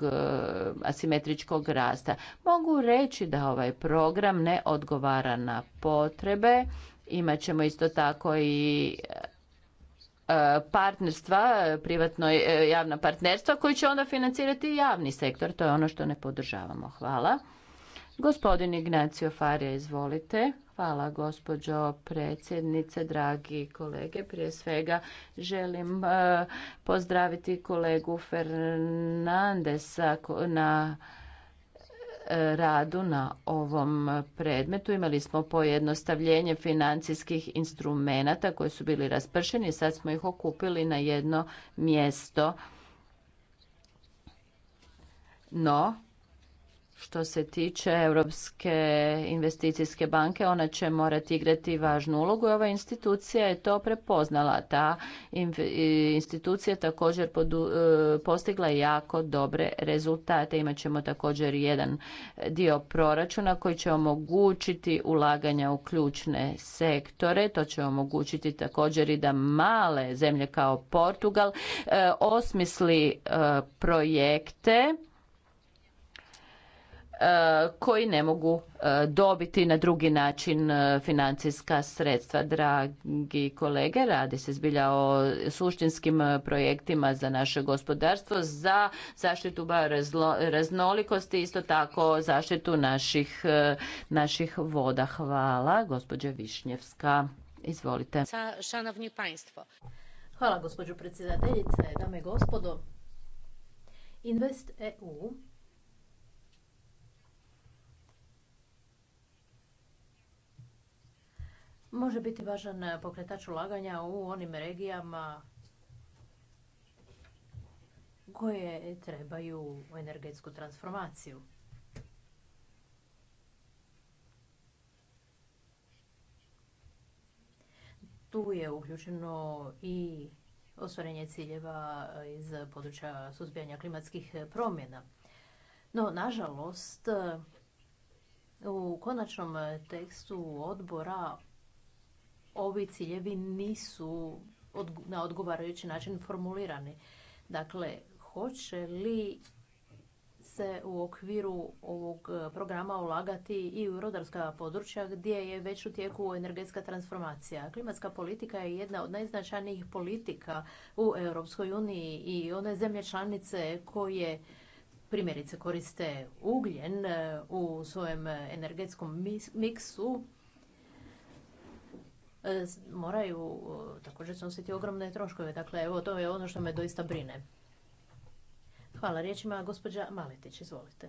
E, asimetričkog rasta. Mogu reći da ovaj program ne odgovara na potrebe. Imaćemo isto tako i e, partnerstva, privatno e, javna partnerstva koji će onda financirati javni sektor. To je ono što ne podržavamo. Hvala. Gospodin Ignacio Farija, izvolite. Hvala gospođo predsjednice, dragi kolege. Prije svega želim eh, pozdraviti kolegu Fernandesa na eh, radu na ovom predmetu. Imali smo pojednostavljenje financijskih instrumenata koji su bili raspršeni, sad smo ih okupili na jedno mjesto. No, što se tiče Europske investicijske banke, ona će morati igrati važnu ulogu i ova institucija je to prepoznala. Ta institucija također podu, e, postigla jako dobre rezultate. Imaćemo također jedan dio proračuna koji će omogućiti ulaganja u ključne sektore. To će omogućiti također i da male zemlje kao Portugal e, osmisli e, projekte E, koji ne mogu e, dobiti na drugi način e, financijska sredstva. Dragi kolege, radi se zbilja o suštinskim projektima za naše gospodarstvo, za zaštitu raznolikosti, isto tako zaštitu naših, naših voda. Hvala, gospođa Višnjevska. Izvolite. Šanovni państwo. Hvala, gospođo predsjedateljice, dame i gospodo. Invest EU može biti važan eh, pokretač ulaganja u onim regijama koje trebaju energetsku transformaciju. Tu je uključeno i ostvarenje ciljeva iz područja suzbijanja klimatskih promjena. No, nažalost, eh, u konačnom eh, tekstu odbora ovi ciljevi nisu na odgovarajući način formulirani. Dakle, hoće li se u okviru ovog e, programa ulagati i u rodarska područja gdje je već u tijeku energetska transformacija. Klimatska politika je jedna od najznačajnijih politika u Europskoj uniji i one zemlje članice koje primjerice koriste ugljen e, u svojem energetskom miksu E, moraju e, također snositi ogromne troškove. Dakle, evo, to je ono što me doista brine. Hvala ima Gospođa Maletić, izvolite.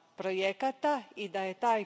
projekata i da je taj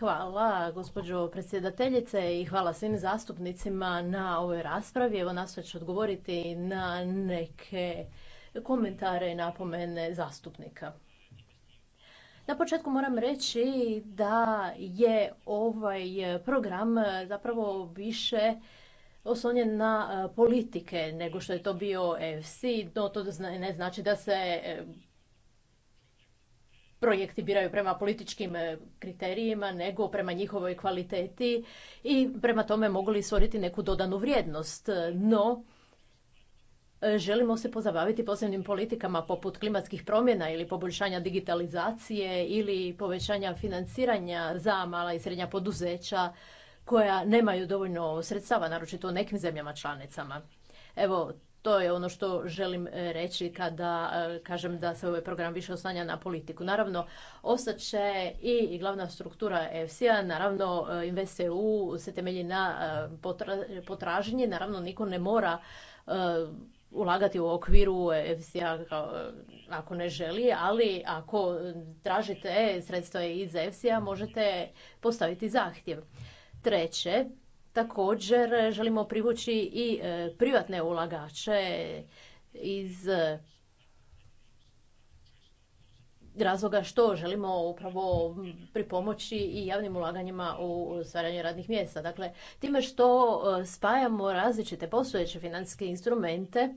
Hvala gospođo predsjedateljice i hvala svim zastupnicima na ovoj raspravi. Evo nas ću odgovoriti na neke komentare i napomene zastupnika. Na početku moram reći da je ovaj program zapravo više oslonjen na e, politike nego što je to bio EFC, no to ne znači da se e, projekti biraju prema političkim e, kriterijima nego prema njihovoj kvaliteti i prema tome mogu li stvoriti neku dodanu vrijednost. E, no, e, želimo se pozabaviti posebnim politikama poput klimatskih promjena ili poboljšanja digitalizacije ili povećanja financiranja za mala i srednja poduzeća koja nemaju dovoljno sredstava, naročito u nekim zemljama članicama. Evo, to je ono što želim e, reći kada e, kažem da se ovaj program više oslanja na politiku. Naravno, ostaće i glavna struktura EFSI-a, naravno e, InvestEU se temelji na potražnje. naravno niko ne mora ulagati u okviru EFSI-a ako ne želi, ali ako tražite sredstva iz EFSI-a možete postaviti zahtjev. Treće, Također e, želimo privući i e, privatne ulagače iz e, razloga što želimo upravo pripomoći i javnim ulaganjima u stvaranje radnih mjesta. Dakle, time što spajamo različite postojeće financijske instrumente,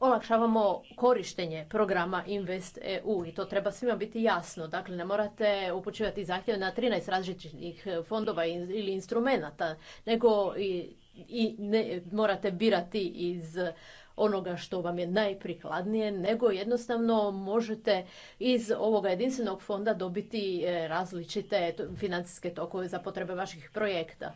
olakšavamo korištenje programa Invest EU i to treba svima biti jasno. Dakle, ne morate upućivati zahtjeve na 13 različitih e, fondova ili instrumenata, nego i, i ne morate birati iz onoga što vam je najprikladnije, nego jednostavno možete iz ovoga jedinstvenog fonda dobiti e, različite financijske tokove za potrebe vaših projekta.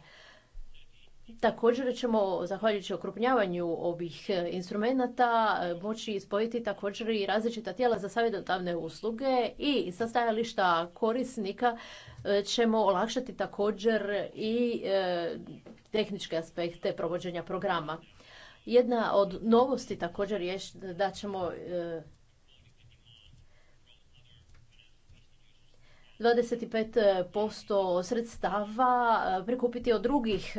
Također ćemo, zahvaljujući okrupnjavanju ovih e, instrumenata, e, moći ispojiti također i različita tijela za savjetodavne usluge i sa stajališta korisnika e, ćemo olakšati također i tehničke aspekte provođenja programa. Jedna od novosti također je da ćemo 25% sredstava prikupiti od drugih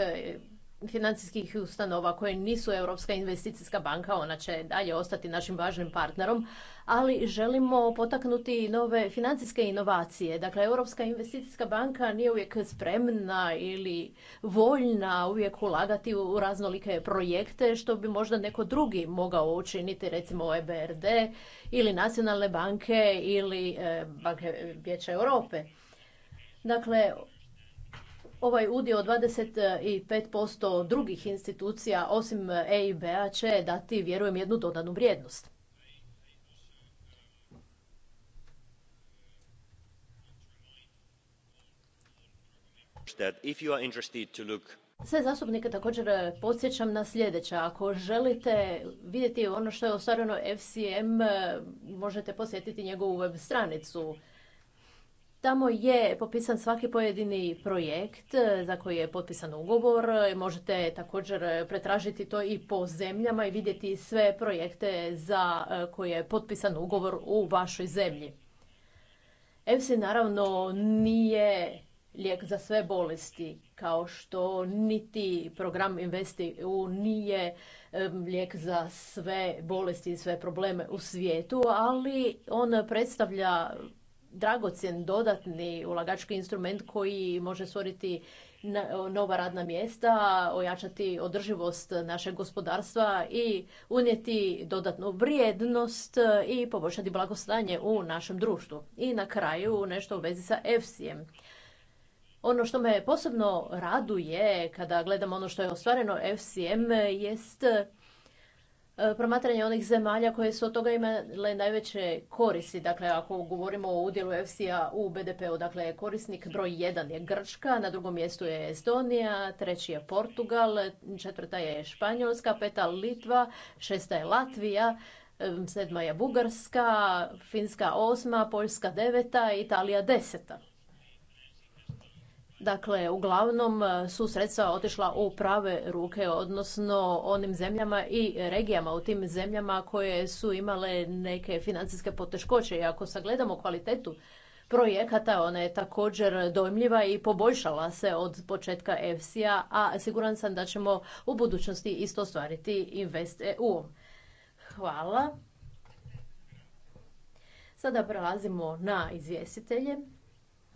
financijskih ustanova koje nisu Europska investicijska banka, ona će dalje ostati našim važnim partnerom, ali želimo potaknuti nove financijske inovacije. Dakle, Europska investicijska banka nije uvijek spremna ili voljna uvijek ulagati u raznolike projekte što bi možda neko drugi mogao učiniti, recimo EBRD ili nacionalne banke ili e, banke Vijeća Europe. Dakle, Ovaj udio od 25% drugih institucija osim EIB-a će dati, vjerujem, jednu dodanu vrijednost. Sve zastupnike također e, podsjećam na sljedeće. Ako želite vidjeti ono što je ostvareno FCM, e, možete posjetiti njegovu web stranicu. Tamo je popisan svaki pojedini projekt e, za koji je potpisan ugovor. Možete također e, pretražiti to i po zemljama i vidjeti sve projekte za e, koje je potpisan ugovor u vašoj zemlji. EFSI naravno nije lijek za sve bolesti, kao što niti program InvestEU nije lijek za sve bolesti i sve probleme u svijetu, ali on predstavlja dragocjen dodatni ulagački instrument koji može stvoriti nova radna mjesta, ojačati održivost našeg gospodarstva i unijeti dodatnu vrijednost i poboljšati blagostanje u našem društvu. I na kraju nešto u vezi sa efsi Ono što me posebno raduje kada gledam ono što je ostvareno FCM jest E, promatranje onih zemalja koje su od toga imale najveće koristi. Dakle, ako govorimo o udjelu EFSI-a u BDP-u, dakle, korisnik broj 1 je Grčka, na drugom mjestu je Estonija, treći je Portugal, četvrta je Španjolska, peta Litva, šesta je Latvija, e, sedma je Bugarska, Finska osma, Poljska deveta, Italija deseta. Dakle, uglavnom e, su sredstva otišla u prave ruke, odnosno onim zemljama i regijama u tim zemljama koje su imale neke financijske poteškoće. I ako sagledamo kvalitetu projekata, ona je također dojmljiva i poboljšala se od početka EFSI-a, a siguran sam da ćemo u budućnosti isto stvariti Invest EU. Hvala. Sada prelazimo na izvjestitelje.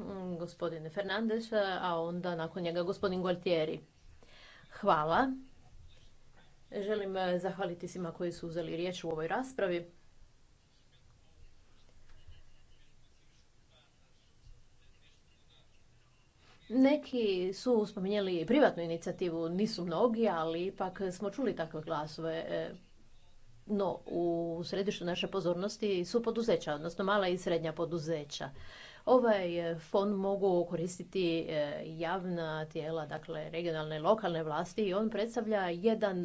Mm, gospodine Fernandez, a onda nakon njega gospodin Gualtieri. Hvala. Želim e, zahvaliti svima koji su uzeli riječ u ovoj raspravi. Neki su spominjali privatnu inicijativu, nisu mnogi, ali ipak smo čuli takve glasove. E, no, u središtu naše pozornosti su poduzeća, odnosno mala i srednja poduzeća. Ovaj e, fond mogu koristiti e, javna tijela, dakle regionalne i lokalne vlasti i on predstavlja jedan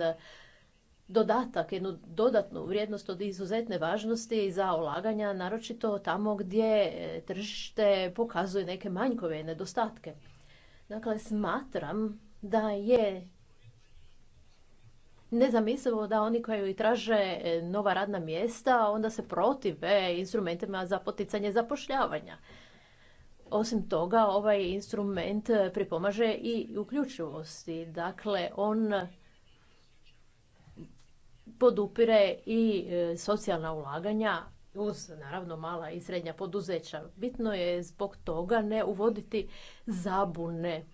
dodatak, jednu dodatnu vrijednost od izuzetne važnosti za ulaganja, naročito tamo gdje e, tržište pokazuje neke manjkove i nedostatke. Dakle, smatram da je nezamislivo da oni koji traže nova radna mjesta onda se protive instrumentima za poticanje zapošljavanja. Osim toga, ovaj instrument e, pripomaže i uključivosti. Dakle, on podupire i e, socijalna ulaganja uz naravno mala i srednja poduzeća. Bitno je zbog toga ne uvoditi zabune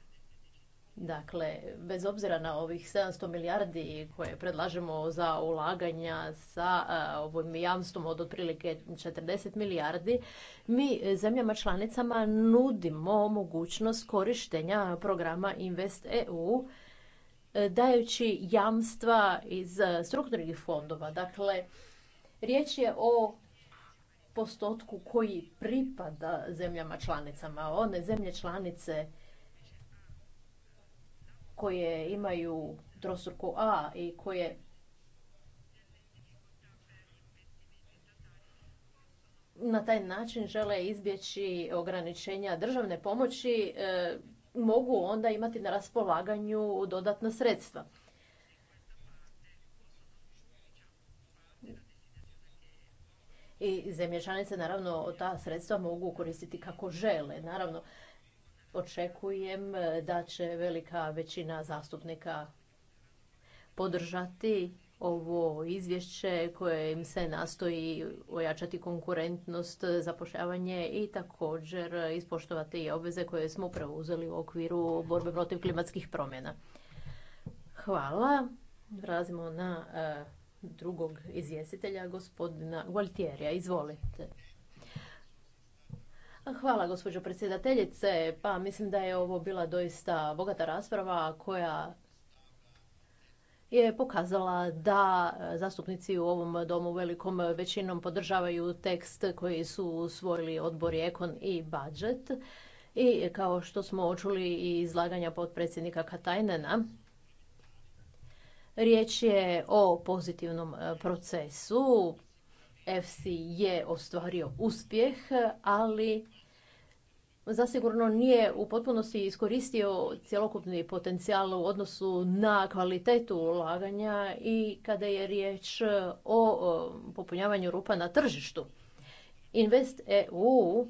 Dakle, bez obzira na ovih 700 milijardi koje predlažemo za ulaganja sa ovim jamstvom od otprilike 40 milijardi, mi zemljama članicama nudimo mogućnost korištenja programa Invest EU e, dajući jamstva iz strukturnih fondova. Dakle, riječ je o postotku koji pripada zemljama članicama. One zemlje članice koje imaju trostruku A i koje na taj način žele izbjeći ograničenja državne pomoći, e, mogu onda imati na raspolaganju dodatna sredstva. I zemlje naravno ta sredstva mogu koristiti kako žele. Naravno, očekujem e, da će velika većina zastupnika podržati ovo izvješće koje im se nastoji ojačati konkurentnost, zapošljavanje i također ispoštovati obveze koje smo preuzeli u okviru borbe protiv klimatskih promjena. Hvala. Prelazimo na e, drugog izvjestitelja, gospodina Gualtierija. Izvolite. Hvala gospođo predsjedateljice. Pa mislim da je ovo bila doista bogata rasprava koja je pokazala da zastupnici u ovom domu velikom većinom podržavaju tekst koji su usvojili odbor Ekon i Budget. I kao što smo očuli i izlaganja potpredsjednika Katajnena, riječ je o pozitivnom procesu FC je ostvario uspjeh, ali zasigurno nije u potpunosti iskoristio cjelokupni potencijal u odnosu na kvalitetu ulaganja i kada je riječ o popunjavanju rupa na tržištu. Invest EU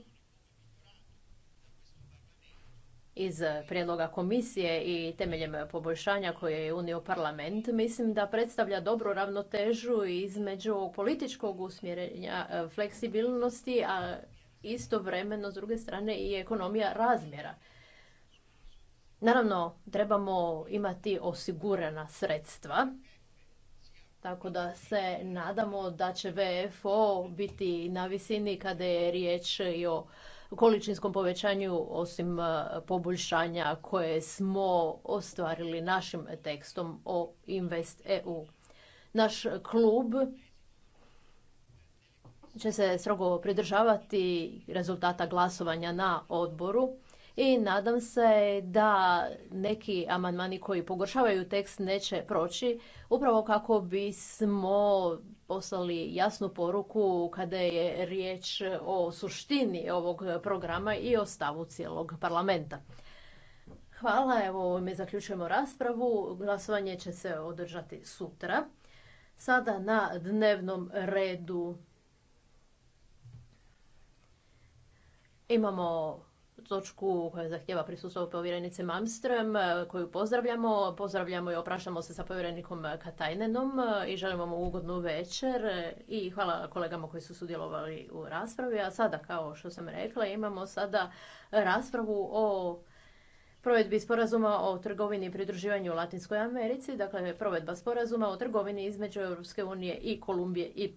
iz prijedloga komisije i temeljem poboljšanja koje je unio parlament, mislim da predstavlja dobru ravnotežu između političkog usmjerenja e, fleksibilnosti, a istovremeno s druge strane i ekonomija razmjera. Naravno, trebamo imati osigurana sredstva, tako da se nadamo da će VFO biti na visini kada je riječ i o količinskom povećanju osim e, poboljšanja koje smo ostvarili našim tekstom o Invest EU. Naš klub će se strogo pridržavati rezultata glasovanja na odboru i nadam se da neki amandmani koji pogoršavaju tekst neće proći upravo kako bismo poslali jasnu poruku kada je riječ o suštini ovog programa i o stavu cijelog parlamenta. Hvala, evo ovime zaključujemo raspravu. Glasovanje će se održati sutra. Sada na dnevnom redu imamo točku koja zahtjeva prisustvo povjerenice Malmström, e, koju pozdravljamo. Pozdravljamo i oprašamo se sa povjerenikom Katajnenom e, i želimo vam ugodnu večer e, i hvala kolegama koji su sudjelovali u raspravi. A sada, kao što sam rekla, imamo sada raspravu o provedbi sporazuma o trgovini i pridruživanju u Latinskoj Americi, dakle provedba sporazuma o trgovini između Europske unije i Kolumbije i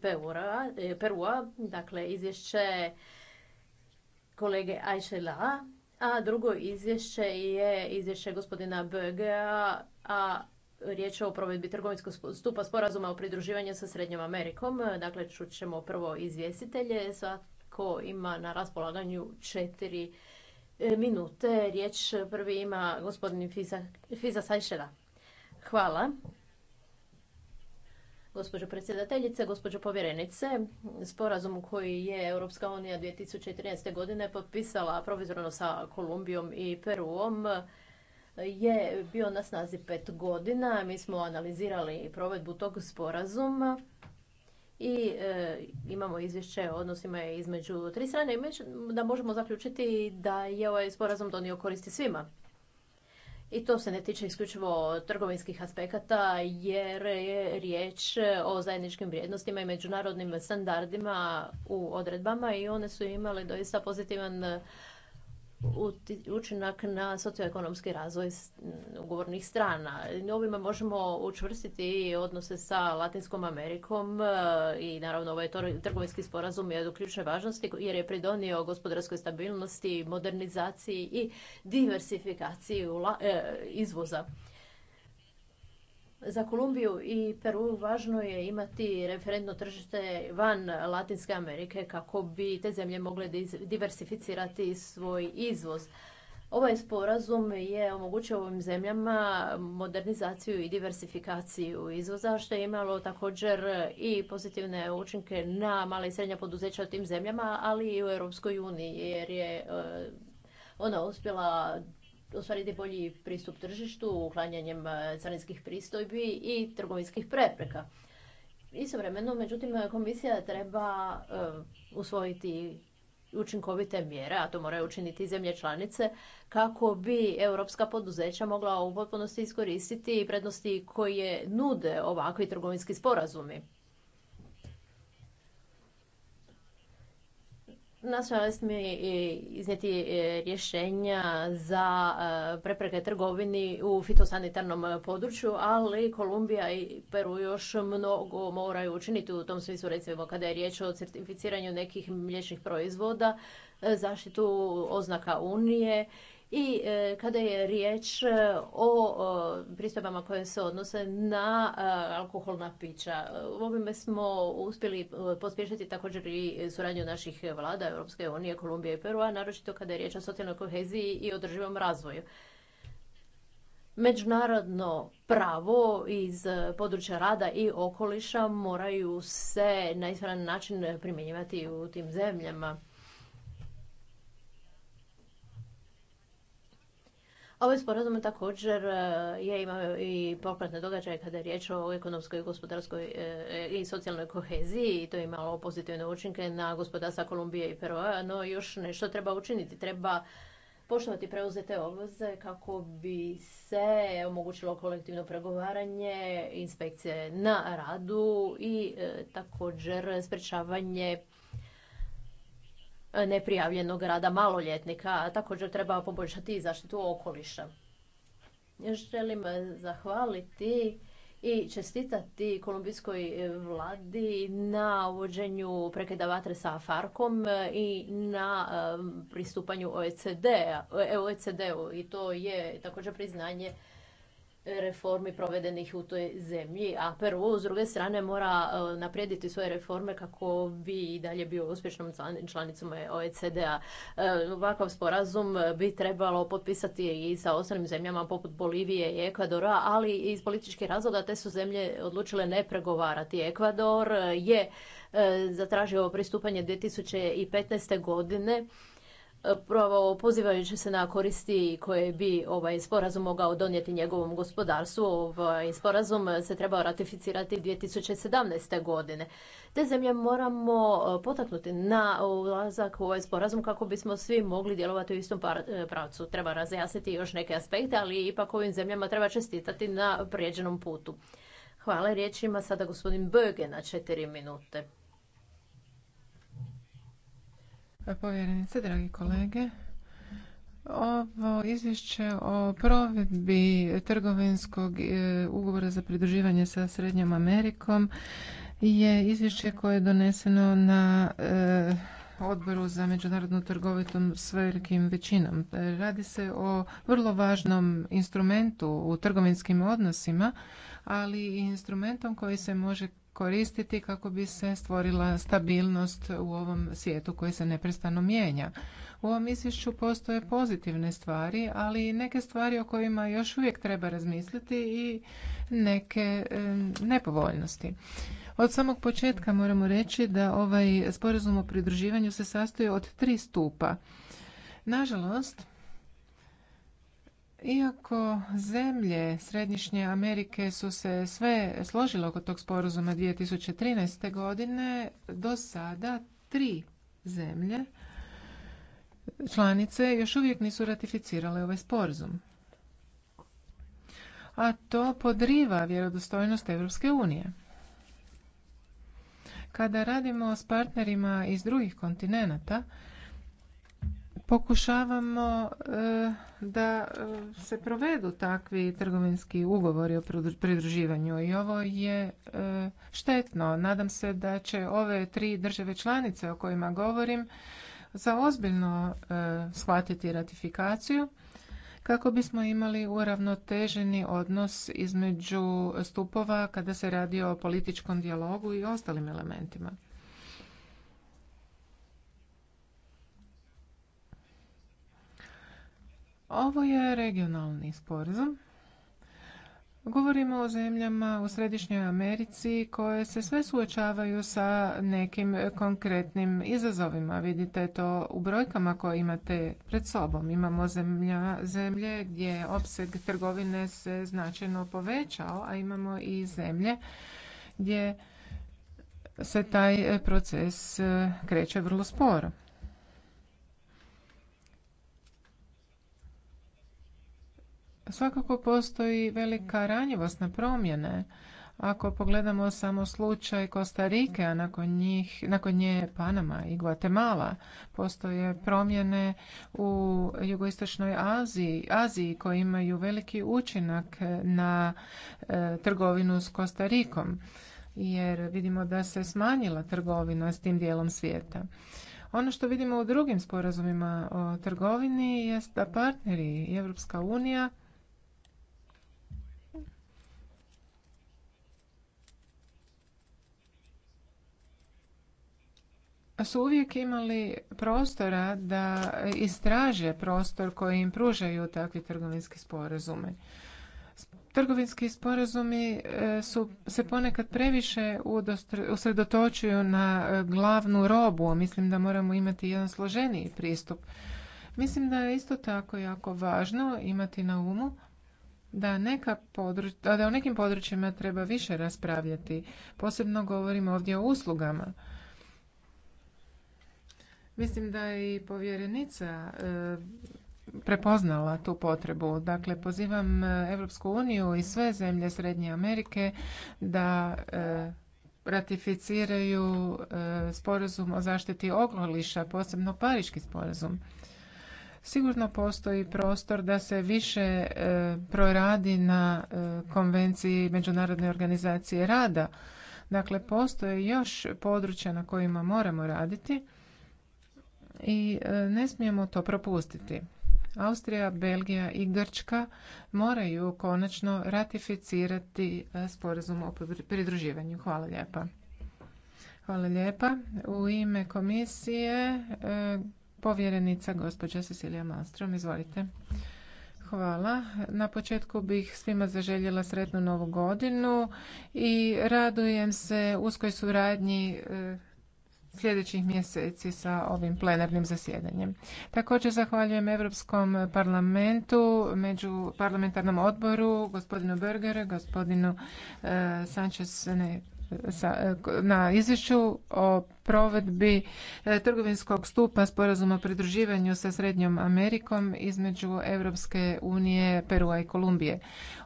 Perua dakle izvješće kolege Ajšela, a drugo izvješće je izvješće gospodina Bögea, a riječ je o provedbi trgovinskog stupa sporazuma o pridruživanju sa Srednjom Amerikom. Dakle, čućemo prvo izvjestitelje, svatko ima na raspolaganju četiri e, minute. Riječ prvi ima gospodin Fiza, Fiza Hvala. Gospođo predsjedateljice, gospođo povjerenice, sporazum koji je Europska unija 2013. godine potpisala provizorno sa Kolumbijom i Peruom je bio na snazi pet godina. Mi smo analizirali provedbu tog sporazuma i e, imamo izvješće o odnosima između tri strane i da možemo zaključiti da je ovaj sporazum donio koristi svima. I to se ne tiče isključivo trgovinskih aspekata jer je riječ o zajedničkim vrijednostima i međunarodnim standardima u odredbama i one su imale doista pozitivan učinak na socioekonomski razvoj ugovornih strana. Ovime možemo učvrstiti odnose sa Latinskom Amerikom e, i naravno ovaj trgovinski sporazum je od ključne važnosti jer je pridonio gospodarskoj stabilnosti, modernizaciji i diversifikaciji e, izvoza. Za Kolumbiju i Peru važno je imati referentno tržište van Latinske Amerike kako bi te zemlje mogle diversificirati svoj izvoz. Ovaj sporazum je omogućio ovim zemljama modernizaciju i diversifikaciju izvoza, što je imalo također i pozitivne učinke na mala i srednja poduzeća u tim zemljama, ali i u Europskoj uniji, jer je e, ona uspjela ostvariti bolji pristup tržištu uklanjanjem e, carinskih pristojbi i trgovinskih prepreka. Istovremeno, međutim, komisija treba e, usvojiti učinkovite mjere, a to moraju učiniti zemlje članice, kako bi europska poduzeća mogla u potpunosti iskoristiti prednosti koje nude ovakvi trgovinski sporazumi. Naša smo iznijeti e, rješenja za e, prepreke trgovini u fitosanitarnom području, ali Kolumbija i Peru još mnogo moraju učiniti u tom smislu, recimo kada je riječ o certificiranju nekih mliječnih proizvoda, e, zaštitu oznaka Unije i e, kada je riječ e, o pristojbama koje se odnose na e, alkoholna pića. Ovime smo uspjeli pospješiti također i suradnju naših vlada Europske unije, Kolumbije i Perua, naročito kada je riječ o socijalnoj koheziji i održivom razvoju. Međunarodno pravo iz područja rada i okoliša moraju se na ispravan način primjenjivati u tim zemljama. Ovaj sporazum također e, je imao i popratne događaje kada je riječ o ekonomskoj, gospodarskoj e, i socijalnoj koheziji i to je imalo pozitivne učinke na gospodarstva Kolumbije i Peroa, no još nešto treba učiniti. Treba poštovati preuzete obveze kako bi se omogućilo kolektivno pregovaranje, inspekcije na radu i e, također sprečavanje E, neprijavljenog rada maloljetnika, a također treba poboljšati i zaštitu okoliša. Želim zahvaliti i čestitati kolumbijskoj vladi na uvođenju prekida vatre sa Farkom i na e, pristupanju e, OECD-u OECD i to je također priznanje reformi provedenih u toj zemlji, a Peru s druge strane mora e, naprijediti svoje reforme kako bi i dalje bio uspješnom članicom OECD-a. E, ovakav sporazum bi trebalo potpisati i sa ostalim zemljama poput Bolivije i Ekvadora, ali iz političkih razloga te su zemlje odlučile ne pregovarati. Ekvador je e, zatražio pristupanje 2015. godine pravo pozivajući se na koristi koje bi ovaj sporazum mogao donijeti njegovom gospodarstvu. Ovaj sporazum se trebao ratificirati 2017. godine. Te zemlje moramo e, potaknuti na ulazak u ovaj sporazum kako bismo svi mogli djelovati u istom e, pravcu. Treba razjasniti još neke aspekte, ali ipak ovim zemljama treba čestitati na prijeđenom putu. Hvala, riječ sada gospodin Böge na četiri minute. povjerenice, dragi kolege. Ovo izvješće o provedbi trgovinskog e, ugovora za pridruživanje sa Srednjom Amerikom je izvješće koje je doneseno na e, odboru za međunarodnu trgovitom s velikim većinom. Radi se o vrlo važnom instrumentu u trgovinskim odnosima, ali i instrumentom koji se može koristiti kako bi se stvorila stabilnost u ovom svijetu koji se neprestano mijenja. U ovom izvješću postoje pozitivne stvari, ali i neke stvari o kojima još uvijek treba razmisliti i neke e, nepovoljnosti. Od samog početka moramo reći da ovaj sporazum o pridruživanju se sastoji od tri stupa. Nažalost, iako zemlje Središnje Amerike su se sve složile oko tog sporazuma 2013. godine, do sada tri zemlje članice još uvijek nisu ratificirale ovaj sporazum. A to podriva vjerodostojnost Europske unije. Kada radimo s partnerima iz drugih kontinenata, pokušavamo e, da e, se provedu takvi trgovinski ugovori o pridruživanju i ovo je e, štetno. Nadam se da će ove tri države članice o kojima govorim za ozbiljno shvatiti ratifikaciju kako bismo imali uravnoteženi odnos između stupova kada se radi o političkom dijalogu i ostalim elementima. Ovo je regionalni sporazum. Govorimo o zemljama u Središnjoj Americi koje se sve suočavaju sa nekim konkretnim izazovima. Vidite to u brojkama koje imate pred sobom. Imamo zemlja, zemlje gdje je opseg trgovine se značajno povećao, a imamo i zemlje gdje se taj proces eh, kreće vrlo sporo. svakako postoji velika ranjivost na promjene. Ako pogledamo samo slučaj Kostarike, a nakon, njih, nje Panama i Guatemala, postoje promjene u jugoistočnoj Aziji, Aziji koje imaju veliki učinak na e, trgovinu s Kostarikom, jer vidimo da se smanjila trgovina s tim dijelom svijeta. Ono što vidimo u drugim sporazumima o trgovini jest da partneri Europska unija su uvijek imali prostora da istraže prostor koji im pružaju takvi trgovinski sporazumi. Trgovinski sporazumi e, su, se ponekad previše usredotočuju na e, glavnu robu, mislim da moramo imati jedan složeniji pristup. Mislim da je isto tako jako važno imati na umu da, neka da u nekim područjima treba više raspravljati. Posebno govorimo ovdje o uslugama Mislim da je i povjerenica e, prepoznala tu potrebu. Dakle, pozivam Europsku uniju i sve zemlje Srednje Amerike da e, ratificiraju e, sporazum o zaštiti okoliša, posebno Pariški sporazum. Sigurno postoji prostor da se više proradi na konvenciji Međunarodne organizacije rada. Dakle, postoje još područja na kojima moramo raditi i e, ne smijemo to propustiti. Austrija, Belgija i Grčka moraju konačno ratificirati e, sporazum o pridruživanju. Hvala lijepa. Hvala lijepa. U ime komisije e, povjerenica gospođa Cecilija Malmström. Izvolite. Hvala. Na početku bih svima zaželjela sretnu novu godinu i radujem se uskoj suradnji sljedećih mjeseci sa ovim plenarnim zasjedanjem. Također zahvaljujem Europskom parlamentu, među parlamentarnom odboru, gospodinu Bergeru, gospodinu eh, Sanchez E, na izvješću o provedbi e, trgovinskog stupa sporazuma o pridruživanju sa Srednjom Amerikom između Europske unije, Perua i Kolumbije.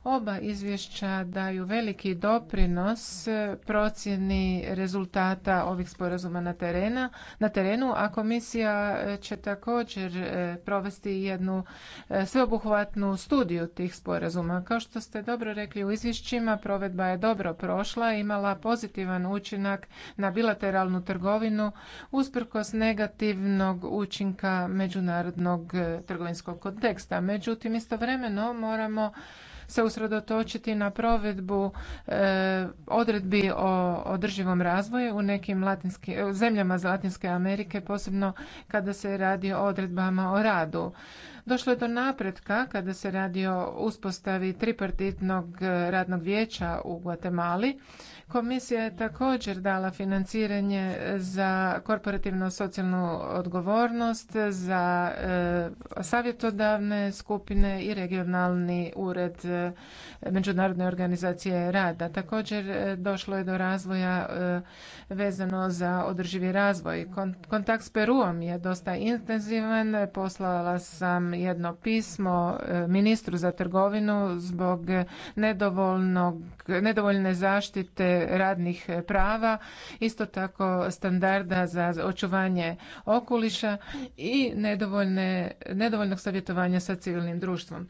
Oba izvješća daju veliki doprinos e, procjeni rezultata ovih sporazuma na, terena, na terenu, a komisija će također provesti jednu sveobuhvatnu studiju tih sporazuma. Kao što ste dobro rekli u izvješćima, provedba je dobro prošla, imala pozitivan učinak na bilateralnu trgovinu usprkos negativnog učinka međunarodnog e, trgovinskog konteksta. Međutim, istovremeno moramo se usredotočiti na provedbu e, odredbi o održivom razvoju u nekim e, zemljama za Latinske Amerike, posebno kada se radi o odredbama o radu. Došlo je do napretka kada se radi o uspostavi tripartitnog radnog vijeća u Guatemali Komisija je također dala financiranje za korporativnu socijalnu odgovornost, za e, savjetodavne skupine i regionalni ured e, Međunarodne organizacije rada. Također e, došlo je do razvoja vezano za održivi razvoj. Kontakt s Peruom je dosta intenzivan. Poslala sam jedno pismo ministru za trgovinu zbog nedovoljne zaštite radnih prava, isto tako standarda za očuvanje okoliša i nedovoljnog savjetovanja sa civilnim društvom.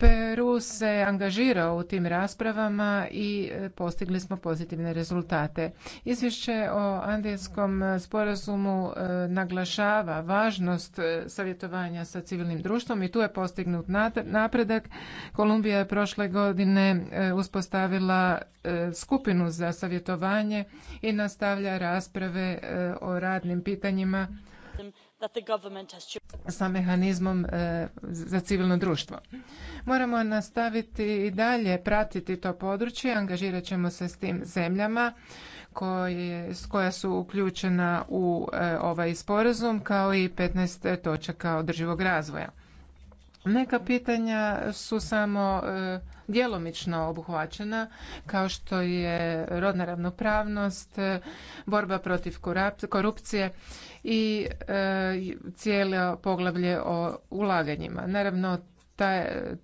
Peru se angažirao u tim raspravama i e, postigli smo pozitivne rezultate. Izvješće o Andijskom sporazumu e, naglašava važnost e, savjetovanja sa civilnim društvom i tu je postignut napredak. Kolumbija je prošle godine uspostavila skupinu za savjetovanje i nastavlja rasprave o radnim pitanjima sa mehanizmom e, za civilno društvo. Moramo nastaviti i dalje pratiti to područje, angažirat ćemo se s tim zemljama koja su uključena u e, ovaj sporazum kao i 15 točaka održivog razvoja. Neka pitanja su samo e, djelomično obuhvaćena kao što je rodna ravnopravnost, borba protiv korupcije i e, cijelo poglavlje o ulaganjima. Naravno,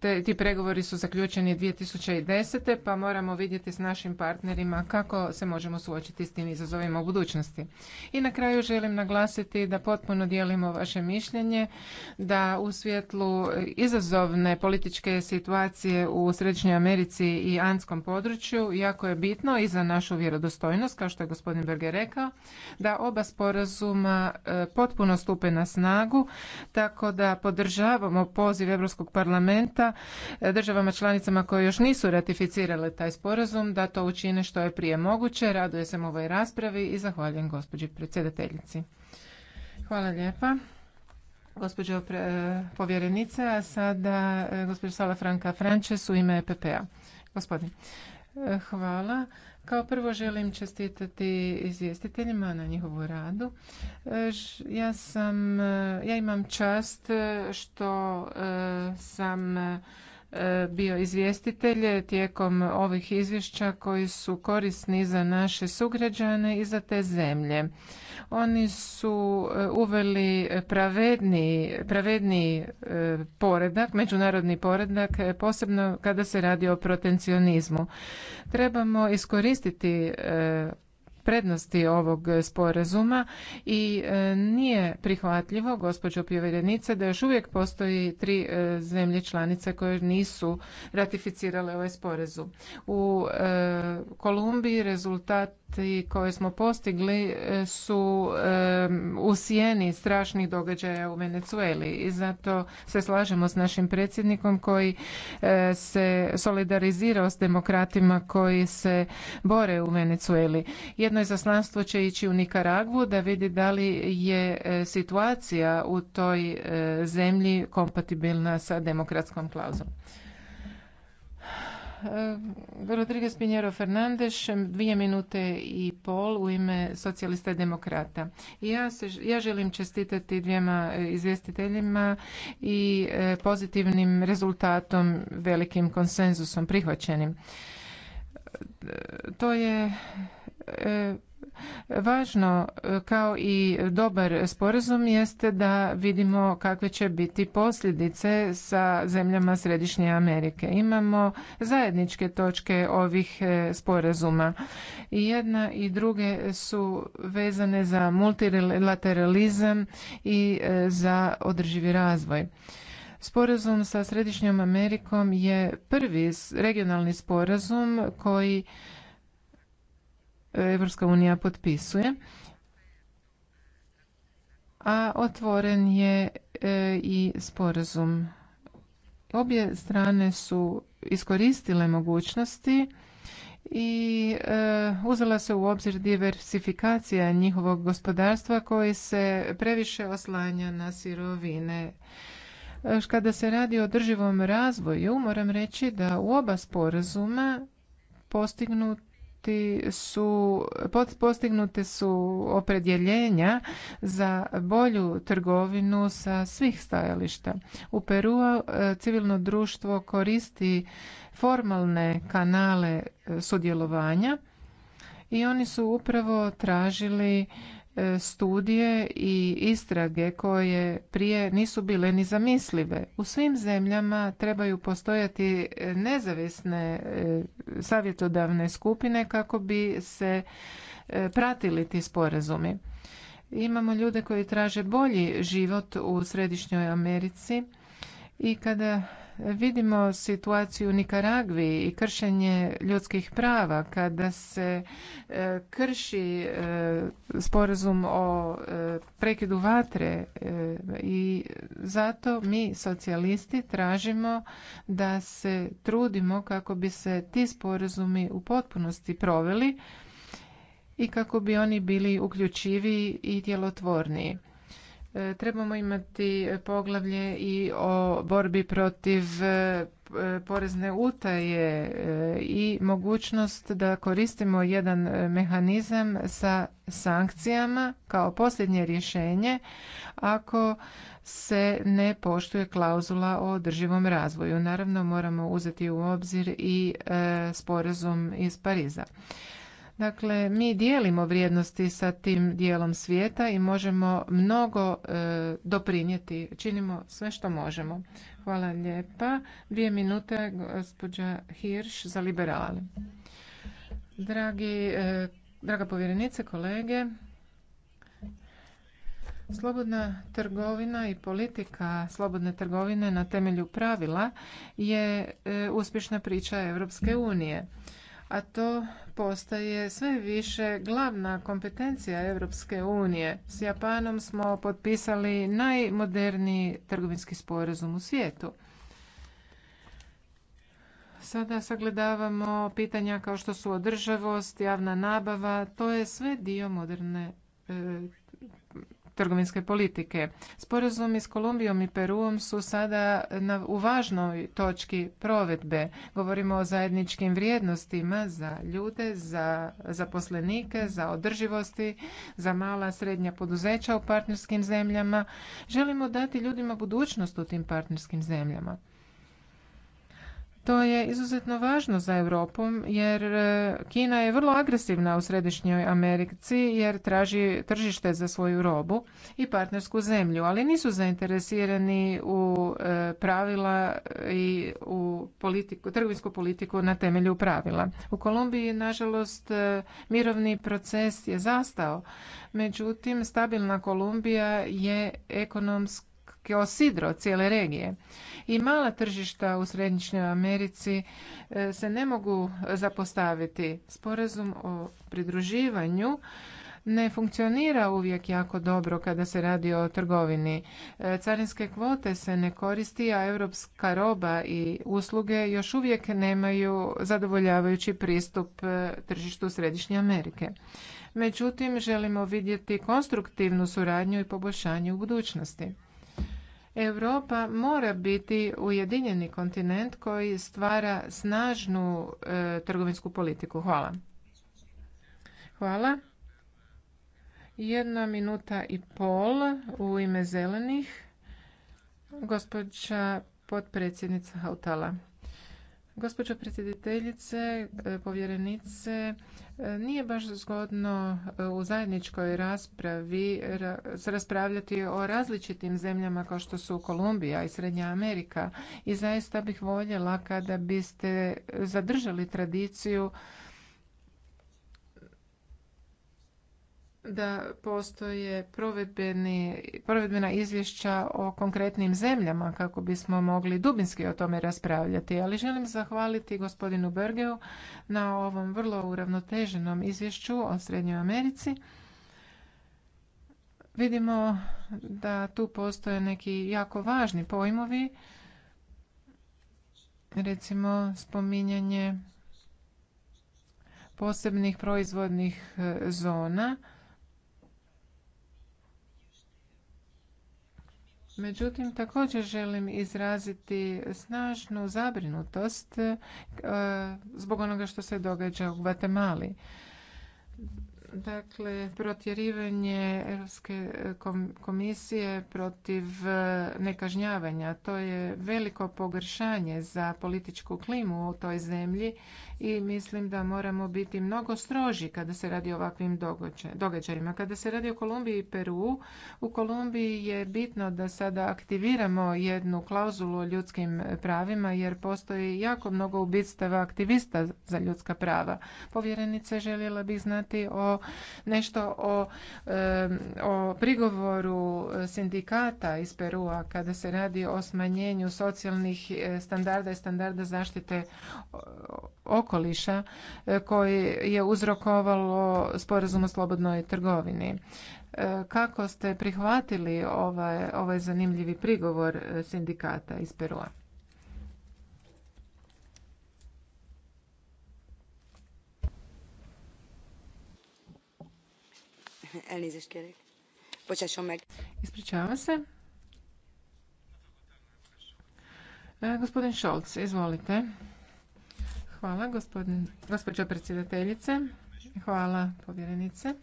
te, ti pregovori su zaključeni 2010. pa moramo vidjeti s našim partnerima kako se možemo suočiti s tim izazovima u budućnosti. I na kraju želim naglasiti da potpuno dijelimo vaše mišljenje da u svjetlu izazovne političke situacije u Središnjoj Americi i Anskom području jako je bitno i za našu vjerodostojnost, kao što je gospodin Berger rekao, da oba sporazuma e, potpuno stupe na snagu, tako da podržavamo poziv Europskog parlamenta parlamenta e, državama članicama koje još nisu ratificirale taj sporazum da to učine što je prije moguće. Raduje sam ovoj raspravi i zahvaljujem gospođi predsjedateljici. Hvala lijepa. Gospođo e, povjerenice, a sada e, gospođa Sala Franka Frančes u ime EPP-a. Gospodin. Hvala. Kao prvo želim čestitati izvjestiteljima na njihovu radu. E, ja sam, e, ja imam čast što e, sam E, bio izvjestitelj tijekom ovih izvješća koji su korisni za naše sugrađane i za te zemlje. Oni su e, uveli pravedni, pravedni e, poredak, međunarodni poredak, posebno kada se radi o protencionizmu. Trebamo iskoristiti prednosti ovog sporazuma i e, nije prihvatljivo, gospođo povjerenice, da još uvijek postoji tri e, zemlje članice koje nisu ratificirale ovaj sporazum. U e, Kolumbiji rezultat koje smo postigli e, su e, u sjeni strašnih događaja u Venecueli i zato se slažemo s našim predsjednikom koji e, se solidarizirao s demokratima koji se bore u Venecueli. Jedno izaslanstvo će ići u Nikaragvu da vidi da li je situacija u toj zemlji kompatibilna sa demokratskom klauzom. Eh, Rodriguez Pinjero Fernandeš, dvije minute i pol u ime socijalista i demokrata. Ja, se, ja želim čestitati dvijema eh, izvjestiteljima i eh, pozitivnim rezultatom, velikim konsenzusom prihvaćenim. To je Važno e, kao i dobar sporazum jeste da vidimo kakve će biti posljedice sa zemljama Središnje Amerike. Imamo zajedničke točke ovih e, sporazuma. I jedna i druge su vezane za multilateralizam i e, za održivi razvoj. Sporazum sa Središnjom Amerikom je prvi regionalni sporazum koji Evropska unija potpisuje. A otvoren je e, i sporazum. Obje strane su iskoristile mogućnosti i e, uzela se u obzir diversifikacija njihovog gospodarstva koji se previše oslanja na sirovine. E, kada se radi o održivom razvoju, moram reći da u oba sporazuma postignut postignuti su, postignute su opredjeljenja za bolju trgovinu sa svih stajališta. U Peru e, civilno društvo koristi formalne kanale e, sudjelovanja i oni su upravo tražili E, studije i istrage koje prije nisu bile ni zamislive. U svim zemljama trebaju postojati e, nezavisne e, savjetodavne skupine kako bi se pratili ti sporazumi. Imamo ljude koji traže bolji život u Središnjoj Americi i kada vidimo situaciju u Nikaragvi i kršenje ljudskih prava kada se e, krši e, sporazum o e, prekidu vatre i zato mi socijalisti tražimo da se trudimo kako bi se ti sporazumi u potpunosti proveli i kako bi oni bili uključiviji i djelotvorniji. E, trebamo imati poglavlje i o borbi protiv e, e, porezne utaje i mogućnost da koristimo jedan mehanizam sa sankcijama kao posljednje rješenje ako se ne poštuje klauzula o održivom razvoju. Naravno moramo uzeti u obzir i sporazum iz Pariza. Dakle, mi dijelimo vrijednosti sa tim dijelom svijeta i možemo mnogo e, doprinijeti. Činimo sve što možemo. Hvala lijepa. Dvije minute, gospođa Hirš za liberali. Dragi, e, draga povjerenice, kolege, Slobodna trgovina i politika slobodne trgovine na temelju pravila je e, uspješna priča Europske unije a to postaje sve više glavna kompetencija Europske unije. S Japanom smo potpisali najmoderniji trgovinski sporazum u svijetu. Sada sagledavamo pitanja kao što su održavost, javna nabava, to je sve dio moderne e, trgovinske politike. Sporazumi s Kolumbijom i Peruom su sada na, u važnoj točki provedbe. Govorimo o zajedničkim vrijednostima za ljude, za zaposlenike, za održivosti, za mala srednja poduzeća u partnerskim zemljama. Želimo dati ljudima budućnost u tim partnerskim zemljama. To je izuzetno važno za Europu jer e, Kina je vrlo agresivna u Središnjoj Americi jer traži tržište za svoju robu i partnersku zemlju, ali nisu zainteresirani u e, pravila i u politiku, trgovinsku politiku na temelju pravila. U Kolumbiji, nažalost, e, mirovni proces je zastao, međutim, stabilna Kolumbija je ekonomski kao sidro cijele regije. I mala tržišta u Središnjoj Americi e, se ne mogu zapostaviti. Sporazum o pridruživanju ne funkcionira uvijek jako dobro kada se radi o trgovini. E, carinske kvote se ne koristi, a europska roba i usluge još uvijek nemaju zadovoljavajući pristup e, tržištu Središnje Amerike. Međutim, želimo vidjeti konstruktivnu suradnju i poboljšanje u budućnosti. Europa mora biti ujedinjeni kontinent koji stvara snažnu e, trgovinsku politiku. Hvala. Hvala. Jedna minuta i pol u ime zelenih. Gospođa potpredsjednica Hautala. Gospođo predsjediteljice, e, povjerenice, e, nije baš zgodno e, u zajedničkoj raspravi raspravljati o različitim zemljama kao što su Kolumbija i Srednja Amerika i zaista bih voljela kada biste zadržali tradiciju da postoje provedbena izvješća o konkretnim zemljama kako bismo mogli dubinski o tome raspravljati. Ali želim zahvaliti gospodinu Bergeu na ovom vrlo uravnoteženom izvješću o Srednjoj Americi. Vidimo da tu postoje neki jako važni pojmovi, recimo spominjanje posebnih proizvodnih e, zona Međutim, također želim izraziti snažnu zabrinutost e, zbog onoga što se događa u Gvatemali. Dakle, protjerivanje Europske eh, komisije protiv eh, nekažnjavanja, to je veliko pogršanje za političku klimu u toj zemlji i mislim da moramo biti mnogo stroži kada se radi o ovakvim događajima. Kada se radi o Kolumbiji i Peru, u Kolumbiji je bitno da sada aktiviramo jednu klauzulu o ljudskim pravima jer postoji jako mnogo ubistava aktivista za ljudska prava. Povjerenice, željela bih znati o nešto o, o prigovoru sindikata iz Perua kada se radi o smanjenju socijalnih e, standarda i standarda zaštite okoliša e, koji je uzrokovalo sporazum o slobodnoj trgovini. E, kako ste prihvatili ovaj, ovaj zanimljivi prigovor sindikata iz Perua? Elnézést Ispričavam se. E, gospodin Šolc, izvolite. Hvala, gospođo predsjedateljice. Hvala, povjerenice.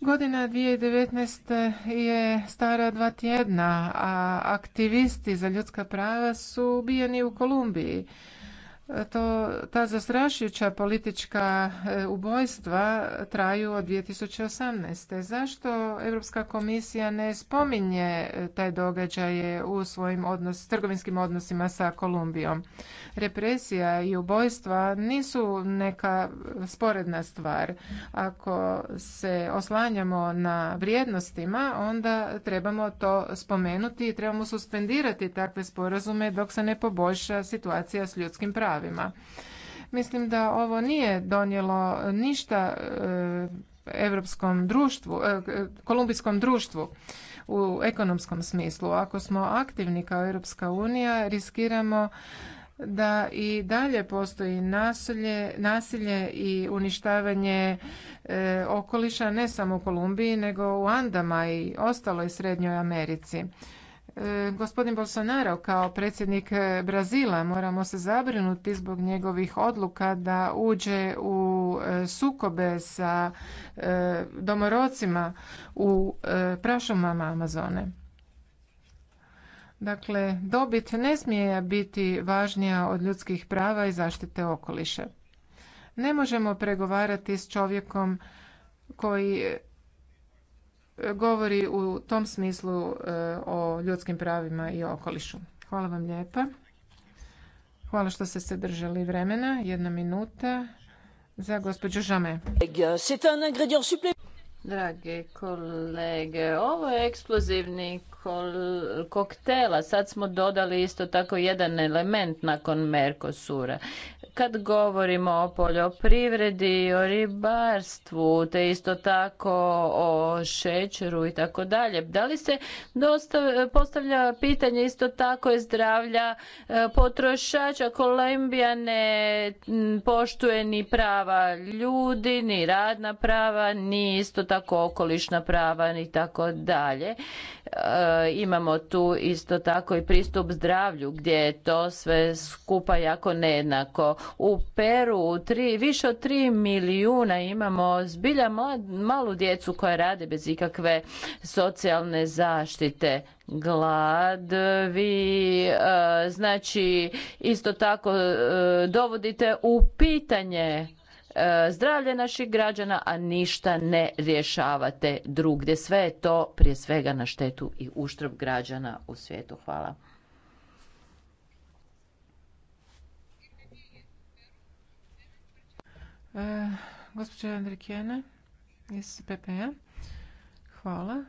Godina 2019. je stara dva tjedna, a aktivisti za ljudska prava su ubijeni u Kolumbiji to, ta zastrašujuća politička e, ubojstva traju od 2018. Zašto Europska komisija ne spominje e, taj događaje u svojim trgovinskim odnosima sa Kolumbijom? Represija i ubojstva nisu neka sporedna stvar. Ako se oslanjamo na vrijednostima, onda trebamo to spomenuti i trebamo suspendirati takve sporazume dok se ne poboljša situacija s ljudskim pravima pravima. Mislim da ovo nije donijelo ništa europskom društvu, e, kolumbijskom društvu u ekonomskom smislu. Ako smo aktivni kao Europska unija, riskiramo da i dalje postoji nasilje, nasilje i uništavanje e, okoliša ne samo u Kolumbiji nego u Andama i ostaloj Srednjoj Americi. E, gospodin Bolsonaro kao predsjednik Brazila moramo se zabrinuti zbog njegovih odluka da uđe u e, sukobe sa e, domorocima u prašumama Amazone. Dakle, dobit ne smije biti važnija od ljudskih prava i zaštite okoliša. Ne možemo pregovarati s čovjekom koji govori u tom smislu e, o ljudskim pravima i okolišu. Hvala vam lijepa. Hvala što ste se držali vremena. Jedna minuta za gospođu Žame. Drage kolege, ovo je eksplozivni koktela. Sad smo dodali isto tako jedan element nakon Merkosura kad govorimo o poljoprivredi, o ribarstvu, te isto tako o šećeru i tako dalje. Da li se postavlja pitanje isto tako je zdravlja e, potrošača? Kolumbija ne poštuje ni prava ljudi, ni radna prava, ni isto tako okolišna prava i tako dalje. E, imamo tu isto tako i pristup zdravlju gdje je to sve skupa jako nejednako u Peru tri, više od 3 milijuna imamo zbilja malu djecu koja rade bez ikakve socijalne zaštite glad vi e, znači isto tako e, dovodite u pitanje e, zdravlje naših građana a ništa ne rješavate drugdje sve je to prije svega na štetu i uštrb građana u svijetu hvala E, gospođa Andrikjene iz PPA. E. Hvala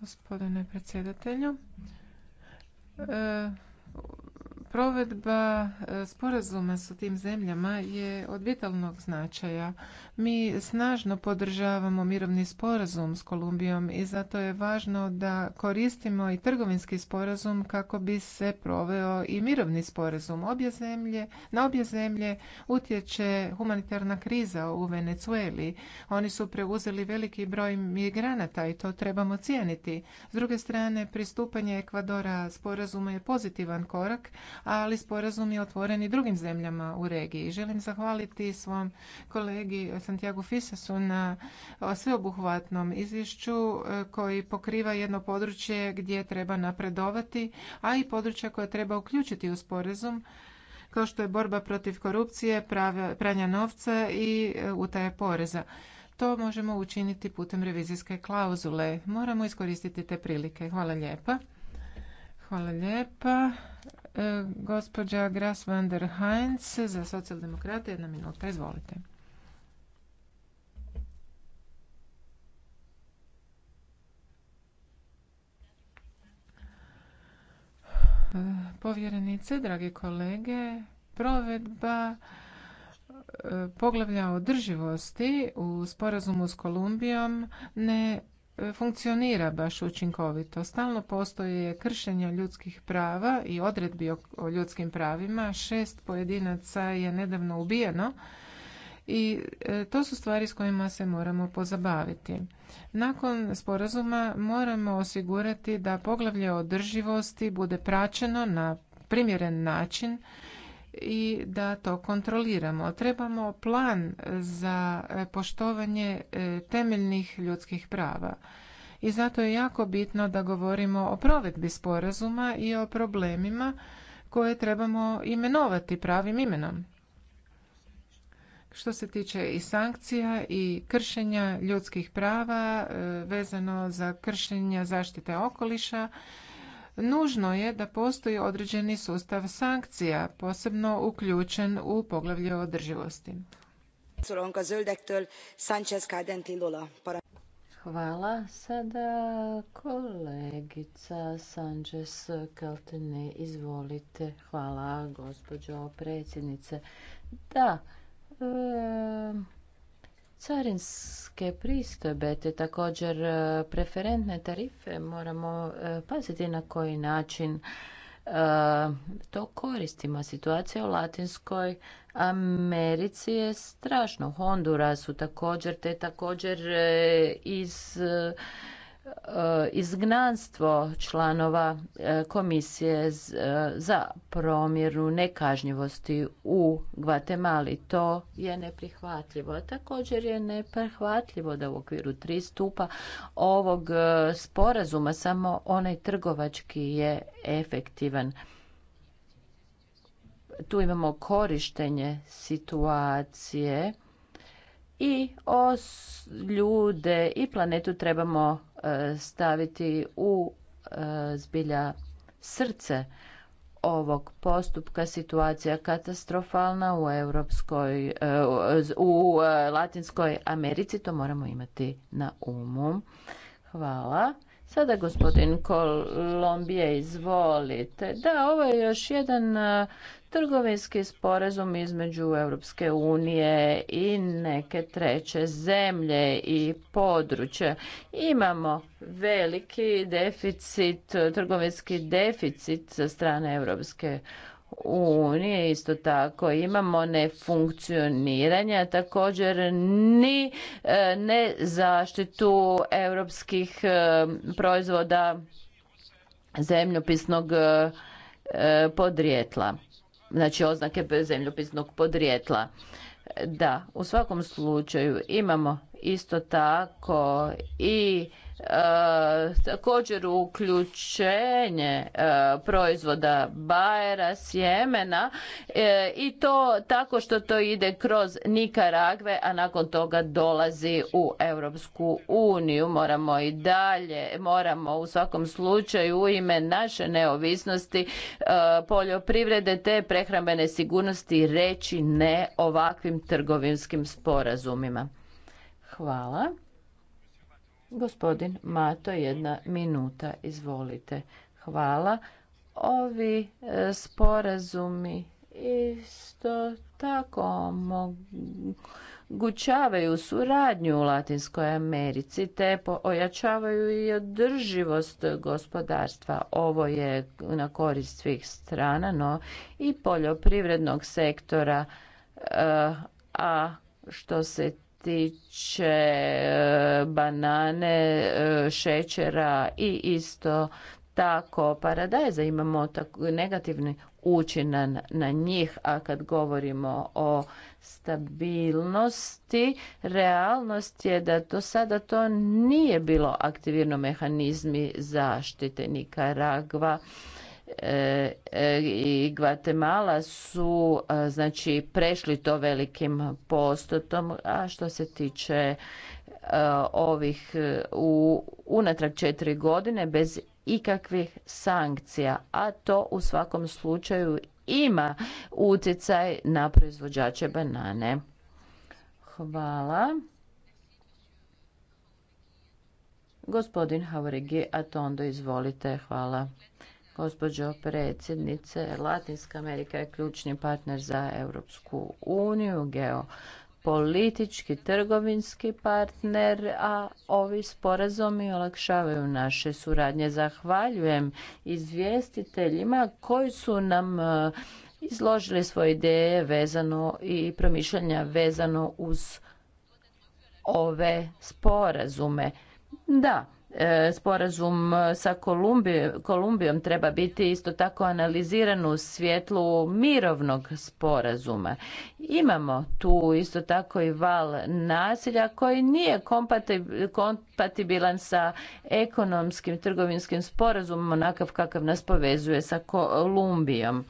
gospodine predsjedatelju. E, Provedba e, sporazuma s tim zemljama je od vitalnog značaja. Mi snažno podržavamo mirovni sporazum s Kolumbijom i zato je važno da koristimo i trgovinski sporazum kako bi se proveo i mirovni sporazum. Obje zemlje, na obje zemlje utječe humanitarna kriza u Venecueli. Oni su preuzeli veliki broj migranata i to trebamo cijeniti. S druge strane, pristupanje Ekvadora sporazuma je pozitivan korak, ali sporazum je otvoren i drugim zemljama u regiji. Želim zahvaliti svom kolegi Santiago Fisasu na sveobuhvatnom izvješću e, koji pokriva jedno područje gdje treba napredovati, a i područja koje treba uključiti u sporazum kao što je borba protiv korupcije, pranja novca i e, utaje poreza. To možemo učiniti putem revizijske klauzule. Moramo iskoristiti te prilike. Hvala lijepa. Hvala lijepa. E, gospođa Gras van der Heinz za socijaldemokrate, jedna minuta, izvolite. E, povjerenice, dragi kolege, provedba e, poglavlja održivosti u sporazumu s Kolumbijom ne funkcionira baš učinkovito. Stalno postoje kršenja ljudskih prava i odredbi o ljudskim pravima. Šest pojedinaca je nedavno ubijeno i e, to su stvari s kojima se moramo pozabaviti. Nakon sporazuma moramo osigurati da poglavlje održivosti bude praćeno na primjeren način i da to kontroliramo. Trebamo plan za e, poštovanje e, temeljnih ljudskih prava. I zato je jako bitno da govorimo o provedbi sporazuma i o problemima koje trebamo imenovati pravim imenom. Što se tiče i sankcija i kršenja ljudskih prava e, vezano za kršenja zaštite okoliša, nužno je da postoji određeni sustav sankcija, posebno uključen u poglavlje održivosti. Hvala. Sada kolegica Sanđes Kaltene, izvolite. Hvala, gospođo predsjednice. Da, e, Carinske pristojbe te također e, preferentne tarife moramo e, paziti na koji način e, to koristimo. Situacija u Latinskoj Americi je strašno. Hondurasu također te također iz izgnanstvo članova e, komisije e, za promjeru nekažnjivosti u Gvatemali. To je neprihvatljivo. Također je neprihvatljivo da u okviru tri stupa ovog e, sporazuma samo onaj trgovački je efektivan. Tu imamo korištenje situacije i os ljude i planetu trebamo E, staviti u e, zbilja srce ovog postupka situacija katastrofalna u europskoj e, u latinskoj Americi to moramo imati na umu. Hvala. Sada gospodin Kolombije, izvolite. Da, ovo je još jedan trgovinski sporazum između Europske unije i neke treće zemlje i područje. Imamo veliki deficit, trgovinski deficit sa strane Europske unije isto tako imamo nefunkcioniranja također ni e, ne zaštitu europskih e, proizvoda zemljopisnog e, podrijetla znači oznake zemljopisnog podrijetla. Da, u svakom slučaju imamo isto tako i E, također uključenje e, proizvoda bajera, sjemena e, i to tako što to ide kroz Nikaragve, a nakon toga dolazi u Europsku uniju. Moramo i dalje, moramo u svakom slučaju u ime naše neovisnosti poljoprivrede te prehrambene sigurnosti reći ne ovakvim trgovinskim sporazumima. Hvala. Gospodin Mato, jedna minuta, izvolite. Hvala. Ovi e, sporazumi isto tako omogućavaju suradnju u Latinskoj Americi te ojačavaju i održivost gospodarstva. Ovo je na korist svih strana, no i poljoprivrednog sektora, e, a što se tiče e, banane, e, šećera i isto tako paradajza imamo tako negativni učinan na njih, a kad govorimo o stabilnosti, realnost je da do sada to nije bilo aktivirno mehanizmi zaštite Nikaragva E, e, i Guatemala su e, znači prešli to velikim postotom, a što se tiče ovih u unatrag četiri godine bez ikakvih sankcija, a to u svakom slučaju ima utjecaj na proizvođače banane. Hvala. Gospodin Havrigi, a to onda izvolite. Hvala. Gospođo predsjednice, Latinska Amerika je ključni partner za Europsku uniju, geopolitički, trgovinski partner, a ovi sporazumi olakšavaju naše suradnje. Zahvaljujem izvjestiteljima koji su nam e, izložili svoje ideje vezano i promišljanja vezano uz ove sporazume. Da, E, sporazum e, sa Kolumbijom treba biti isto tako analiziran u svjetlu mirovnog sporazuma. Imamo tu isto tako i val nasilja koji nije kompatibilan sa ekonomskim trgovinskim sporazumom onakav kakav nas povezuje sa Kolumbijom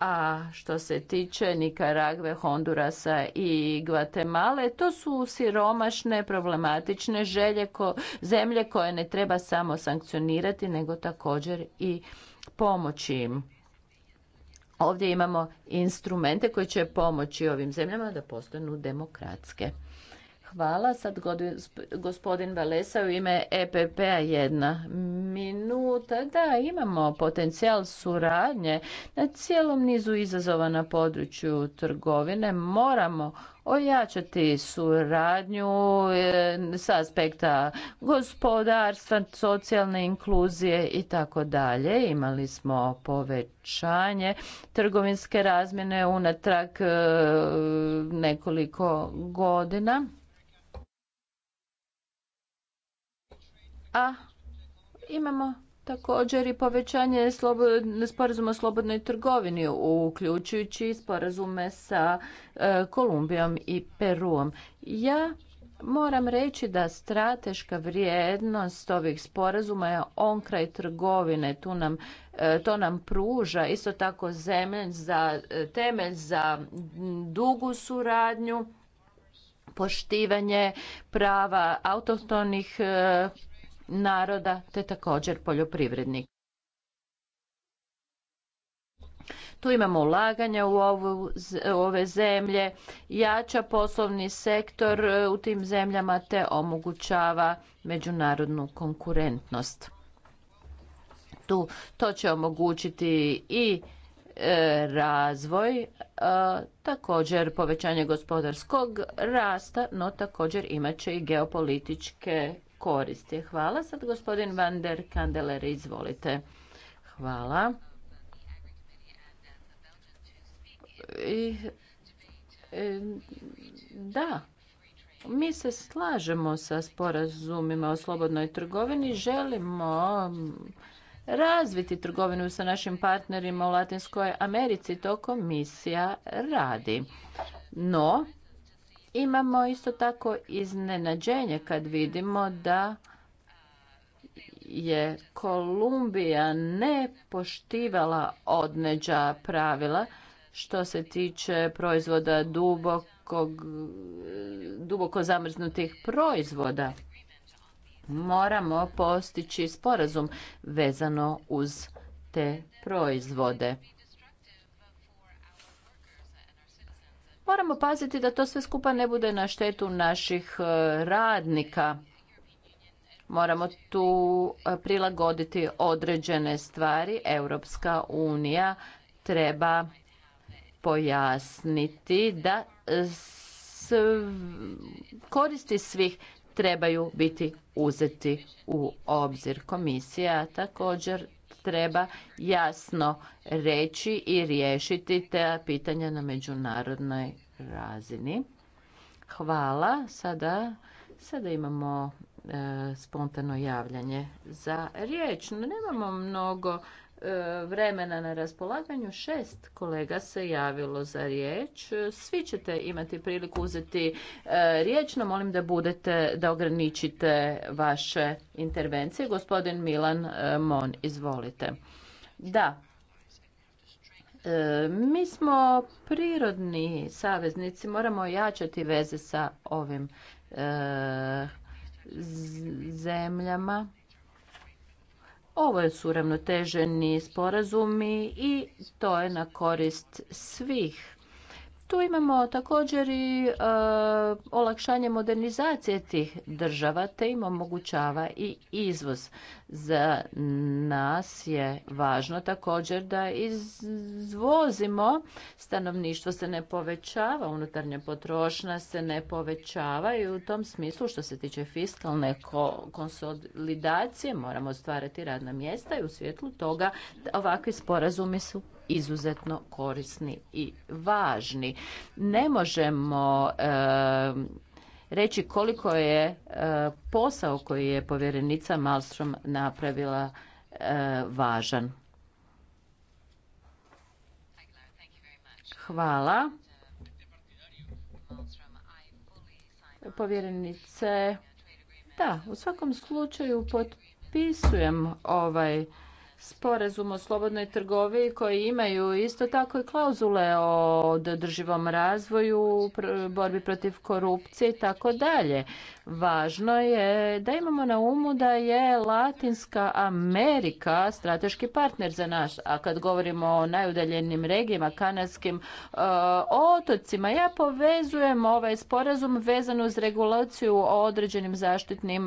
a što se tiče Nikaragve, Hondurasa i Gvatemale, to su siromašne, problematične želje ko, zemlje koje ne treba samo sankcionirati, nego također i pomoći im. Ovdje imamo instrumente koji će pomoći ovim zemljama da postanu demokratske. Hvala. Sad gospodin Valesa u ime EPP-a jedna minuta. Da, imamo potencijal suradnje na cijelom nizu izazova na području trgovine. Moramo ojačati suradnju e, sa aspekta gospodarstva, socijalne inkluzije i tako dalje. Imali smo povećanje trgovinske razmjene unatrag e, nekoliko godina. a imamo također i povećanje sporazuma o slobodnoj trgovini uključujući sporazume sa e, Kolumbijom i Peruom. Ja moram reći da strateška vrijednost ovih sporazuma je kraj trgovine. E, to nam pruža isto tako zemlj za, e, temelj za dugu suradnju, poštivanje prava autohtonih naroda te također poljoprivrednik. Tu imamo ulaganja u, ove zemlje, jača poslovni sektor e, u tim zemljama te omogućava međunarodnu konkurentnost. Tu to će omogućiti i e, razvoj, e, također povećanje gospodarskog rasta, no također imat će i geopolitičke koristi. Hvala. Sad gospodin Van der Kandeler, izvolite. Hvala. E, da, mi se slažemo sa sporazumima o slobodnoj trgovini. Želimo razviti trgovinu sa našim partnerima u Latinskoj Americi. To komisija radi. No, Imamo isto tako iznenađenje kad vidimo da je Kolumbija ne poštivala odneđa pravila što se tiče proizvoda dubokog, duboko zamrznutih proizvoda. Moramo postići sporazum vezano uz te proizvode. Moramo paziti da to sve skupa ne bude na štetu naših e, radnika. Moramo tu e, prilagoditi određene stvari. Europska unija treba pojasniti da e, koristi svih trebaju biti uzeti u obzir. Komisija također treba jasno reći i riješiti te pitanja na međunarodnoj razini. Hvala. Sada, sada imamo e, spontano javljanje za riječ. Nemamo mnogo E, vremena na raspolaganju. Šest kolega se javilo za riječ. Svi ćete imati priliku uzeti e, riječ, no molim da budete, da ograničite vaše intervencije. Gospodin Milan e, Mon, izvolite. Da, mi smo prirodni saveznici, moramo jačati veze sa ovim zemljama. Ovo je suravnoteženi sporazumi i to je na korist svih tu imamo također i e, olakšanje modernizacije tih država te im omogućava i izvoz. Za nas je važno također da izvozimo, stanovništvo se ne povećava, unutarnja potrošnja se ne povećava i u tom smislu što se tiče fiskalne konsolidacije moramo stvarati radna mjesta i u svjetlu toga ovakvi sporazumi su izuzetno korisni i važni. Ne možemo e, reći koliko je e, posao koji je povjerenica Malstrom napravila e, važan. Hvala. Povjerenice, da, u svakom slučaju potpisujem ovaj sporazum o slobodnoj trgovini koji imaju isto tako i klauzule o održivom razvoju, borbi protiv korupcije i tako dalje. Važno je da imamo na umu da je Latinska Amerika strateški partner za nas, a kad govorimo o najudaljenim regijama, kanadskim eh, otocima, ja povezujem ovaj sporazum vezan uz regulaciju o određenim zaštitnim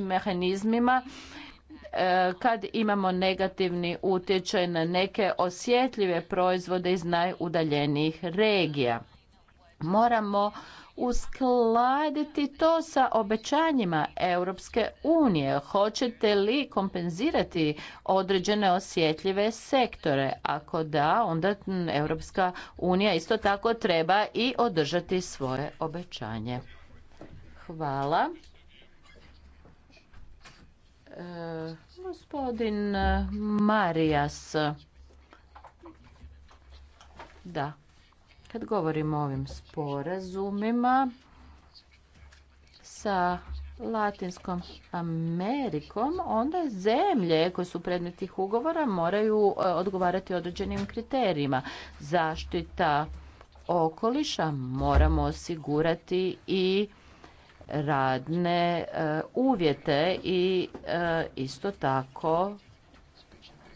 mehanizmima E, kad imamo negativni utječaj na neke osjetljive proizvode iz najudaljenijih regija. Moramo uskladiti to sa obećanjima Europske unije. Hoćete li kompenzirati određene osjetljive sektore? Ako da, onda Europska unija isto tako treba i održati svoje obećanje. Hvala. Gospodin Marijas. Da. Kad govorimo o ovim sporazumima sa Latinskom Amerikom, onda zemlje koje su predmet tih ugovora moraju e, odgovarati određenim kriterijima. Zaštita okoliša moramo osigurati i radne e, uvjete i e, isto tako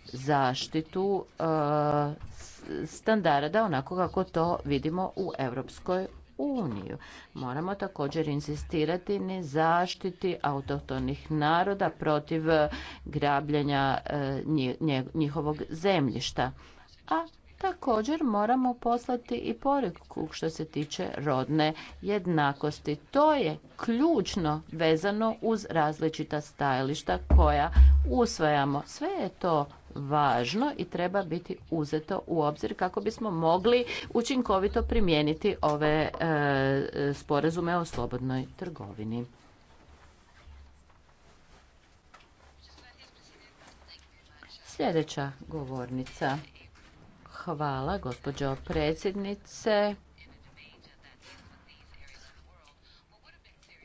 zaštitu e, standarda onako kako to vidimo u Europskoj uniju. Moramo također insistirati na zaštiti autohtonih naroda protiv grabljenja njihovog zemljišta. A Također moramo poslati i poruku što se tiče rodne jednakosti. To je ključno vezano uz različita stajališta koja usvajamo. Sve je to važno i treba biti uzeto u obzir kako bismo mogli učinkovito primijeniti ove e, sporazume o slobodnoj trgovini. Sljedeća govornica. Hvala, gospođo predsjednice.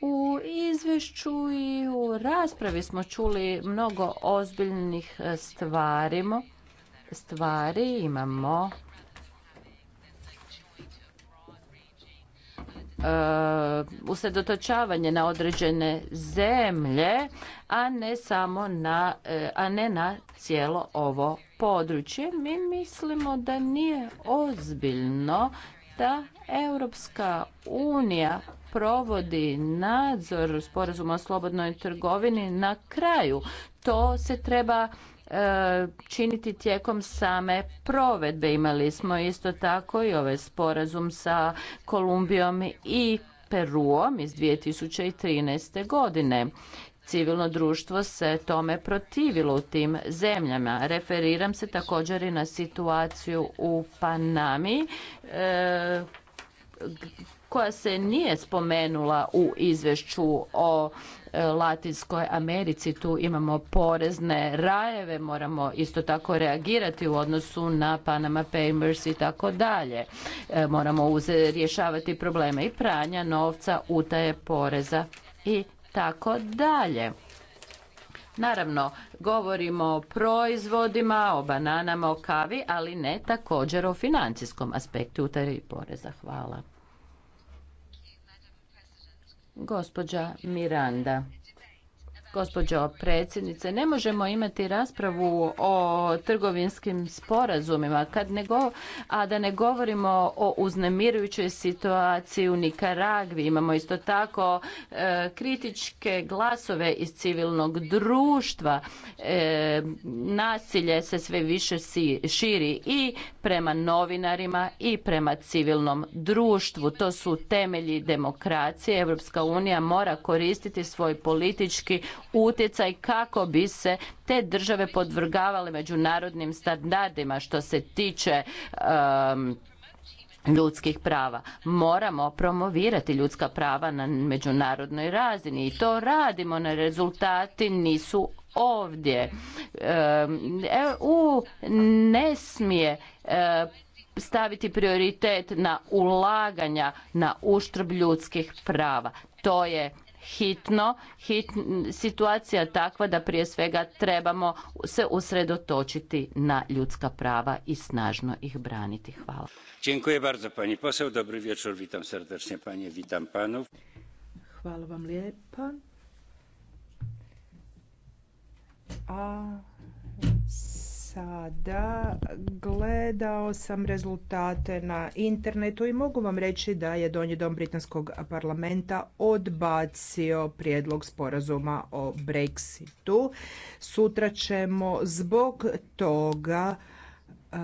U izvješću i u raspravi smo čuli mnogo ozbiljnih e, stvari. Stvari imamo e, usredotočavanje na određene zemlje, a ne samo na, e, a ne na cijelo ovo područje, mi mislimo da nije ozbiljno da Europska unija provodi nadzor sporazuma o slobodnoj trgovini na kraju. To se treba e, činiti tijekom same provedbe. Imali smo isto tako i ovaj sporazum sa Kolumbijom i Peruom iz 2013. godine civilno društvo se tome protivilo u tim zemljama. Referiram se također i na situaciju u Panami e, koja se nije spomenula u izvješću o e, Latinskoj Americi. Tu imamo porezne rajeve, moramo isto tako reagirati u odnosu na Panama Papers i tako dalje. E, moramo rješavati probleme i pranja novca, utaje poreza i tako dalje. Naravno, govorimo o proizvodima, o bananama, o kavi, ali ne također o financijskom aspektu i poreza. Hvala. Gospođa Miranda. Gospođo predsjednice, ne možemo imati raspravu o trgovinskim sporazumima, kad ne a da ne govorimo o uznemirujućoj situaciji u Nikaragvi. Imamo isto tako e, kritičke glasove iz civilnog društva. E, nasilje se sve više si, širi i prema novinarima i prema civilnom društvu. To su temelji demokracije. Evropska unija mora koristiti svoj politički utjecaj kako bi se te države podvrgavale međunarodnim standardima što se tiče ljudskih prava. Moramo promovirati ljudska prava na međunarodnoj razini i to radimo, na rezultati nisu ovdje. EU ne smije e, staviti prioritet na ulaganja na uštrb ljudskih prava. To je hitno, hit, situacija takva da prije svega trebamo se usredotočiti na ljudska prava i snažno ih braniti. Hvala. Dziękuję bardzo pani poseł. Dobry wieczór. Witam serdecznie panie, witam panów. Hvala vam lijepa. A sada gledao sam rezultate na internetu i mogu vam reći da je Donji dom Britanskog parlamenta odbacio prijedlog sporazuma o Brexitu. Sutra ćemo zbog toga eh,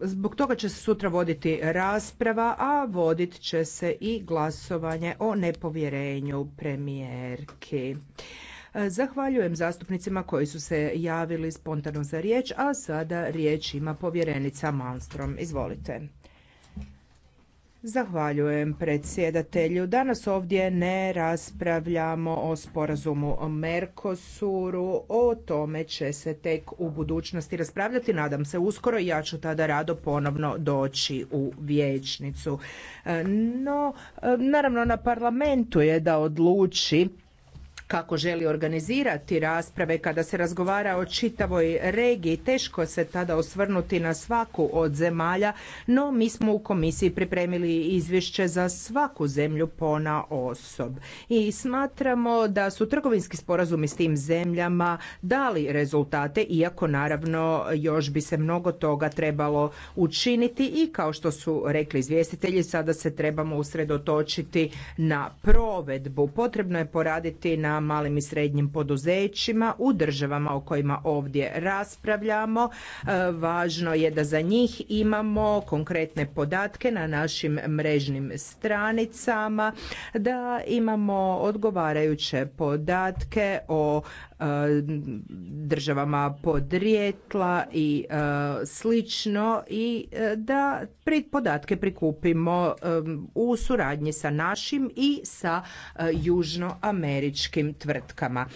Zbog toga će se sutra voditi rasprava, a vodit će se i glasovanje o nepovjerenju premijerki. Zahvaljujem zastupnicima koji su se javili spontano za riječ, a sada riječ ima povjerenica Malmstrom. Izvolite. Zahvaljujem predsjedatelju. Danas ovdje ne raspravljamo o sporazumu o Merkosuru. o tome će se tek u budućnosti raspravljati. Nadam se uskoro i ja ću tada rado ponovno doći u vijećnicu. No, naravno na parlamentu je da odluči kako želi organizirati rasprave kada se razgovara o čitavoj regiji. Teško se tada osvrnuti na svaku od zemalja, no mi smo u komisiji pripremili izvješće za svaku zemlju pona osob. I smatramo da su trgovinski sporazumi s tim zemljama dali rezultate, iako naravno još bi se mnogo toga trebalo učiniti i kao što su rekli izvjestitelji, sada se trebamo usredotočiti na provedbu. Potrebno je poraditi na malim i srednjim poduzećima u državama o kojima ovdje raspravljamo. E, važno je da za njih imamo konkretne podatke na našim mrežnim stranicama, da imamo odgovarajuće podatke o e, državama podrijetla i e, slično i da podatke prikupimo u suradnji sa našim i sa južnoameričkim tvrtkama.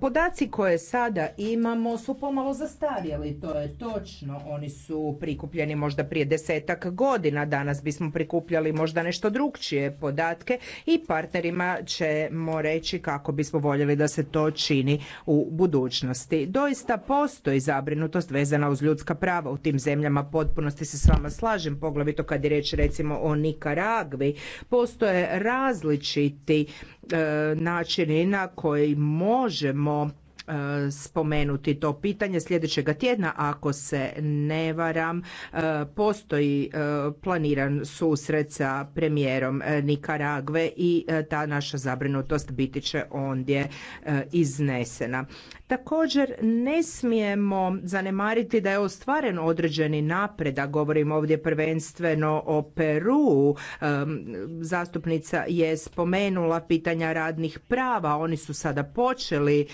Podaci koje sada imamo su pomalo zastarjeli, to je točno. Oni su prikupljeni možda prije desetak godina. Danas bismo prikupljali možda nešto drugčije podatke i partnerima ćemo reći kako bismo voljeli da se to čini u budućnosti. Doista postoji zabrinutost vezana uz ljudska prava u tim zemljama. Potpunosti se s vama slažem, poglavito kad je riječ recimo o Nikaragvi. Postoje različiti E, načini na koji možemo E, spomenuti to pitanje sljedećeg tjedna ako se ne varam e, postoji e, planiran susret sa premijerom Nikaragve i ta naša zabrinutost biti će ondje iznesena. Također ne smijemo zanemariti da je ostvaren određeni napredak, govorim ovdje prvenstveno o Peru. Zastupnica je spomenula pitanja radnih prava, oni su sada počeli